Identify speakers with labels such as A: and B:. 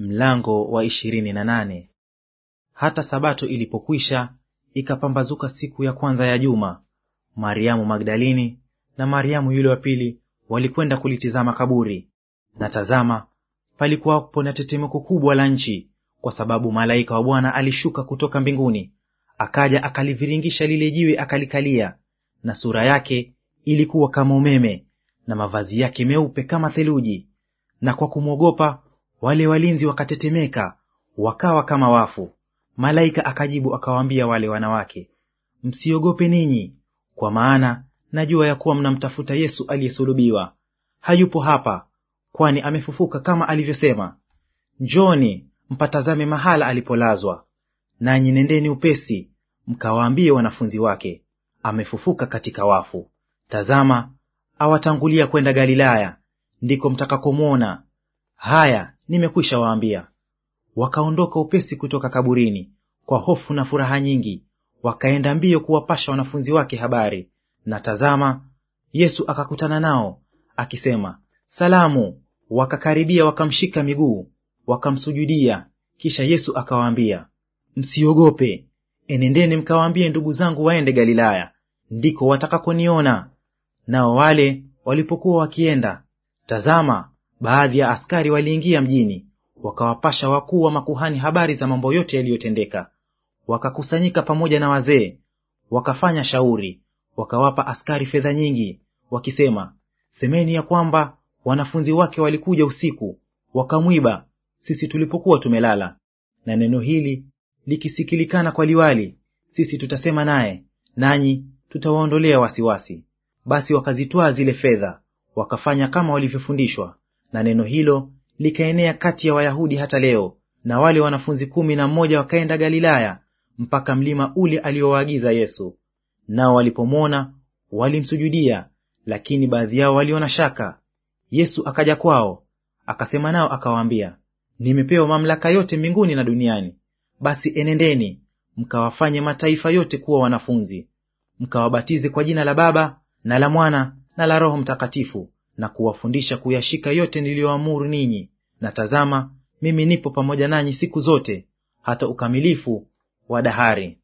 A: Mlango wa ishirini na nane. Hata sabato ilipokwisha, ikapambazuka siku ya kwanza ya juma, Mariamu Magdalini na Mariamu yule wa pili walikwenda kulitizama kaburi. Na tazama, palikuwapo na tetemeko kubwa la nchi, kwa sababu malaika wa Bwana alishuka kutoka mbinguni, akaja akaliviringisha lile jiwe, akalikalia. Na sura yake ilikuwa kama umeme, na mavazi yake meupe kama theluji. Na kwa kumwogopa wale walinzi wakatetemeka, wakawa kama wafu. Malaika akajibu akawaambia wale wanawake, msiogope ninyi, kwa maana najua ya kuwa mnamtafuta Yesu aliyesulubiwa. Hayupo hapa, kwani amefufuka kama alivyosema. Njoni mpatazame mahala alipolazwa. Nanyi nendeni upesi mkawaambie wanafunzi wake, amefufuka katika wafu. Tazama, awatangulia kwenda Galilaya, ndiko mtakakomwona. Haya, nimekwisha waambia. Wakaondoka upesi kutoka kaburini kwa hofu na furaha nyingi, wakaenda mbio kuwapasha wanafunzi wake habari. Na tazama, Yesu akakutana nao akisema, Salamu! Wakakaribia, wakamshika miguu, wakamsujudia. Kisha Yesu akawaambia, Msiogope, enendeni mkawaambie ndugu zangu waende Galilaya, ndiko watakakoniona. Nao wale walipokuwa wakienda, tazama, baadhi ya askari waliingia mjini, wakawapasha wakuu wa makuhani habari za mambo yote yaliyotendeka. Wakakusanyika pamoja na wazee, wakafanya shauri, wakawapa askari fedha nyingi, wakisema, semeni ya kwamba wanafunzi wake walikuja usiku wakamwiba sisi tulipokuwa tumelala, na neno hili likisikilikana kwa liwali, sisi tutasema naye, nanyi tutawaondolea wasiwasi. Basi wakazitwaa zile fedha, wakafanya kama walivyofundishwa, na neno hilo likaenea kati ya Wayahudi hata leo. Na wale wanafunzi kumi na mmoja wakaenda Galilaya mpaka mlima ule aliowaagiza Yesu. Nao walipomwona walimsujudia, lakini baadhi yao waliona shaka. Yesu akaja kwao, akasema nao akawaambia, nimepewa mamlaka yote mbinguni na duniani. Basi enendeni mkawafanye mataifa yote kuwa wanafunzi, mkawabatize kwa jina la Baba na la Mwana na la Roho Mtakatifu, na kuwafundisha kuyashika yote niliyoamuru ninyi, na tazama, mimi nipo pamoja nanyi siku zote hata ukamilifu wa dahari.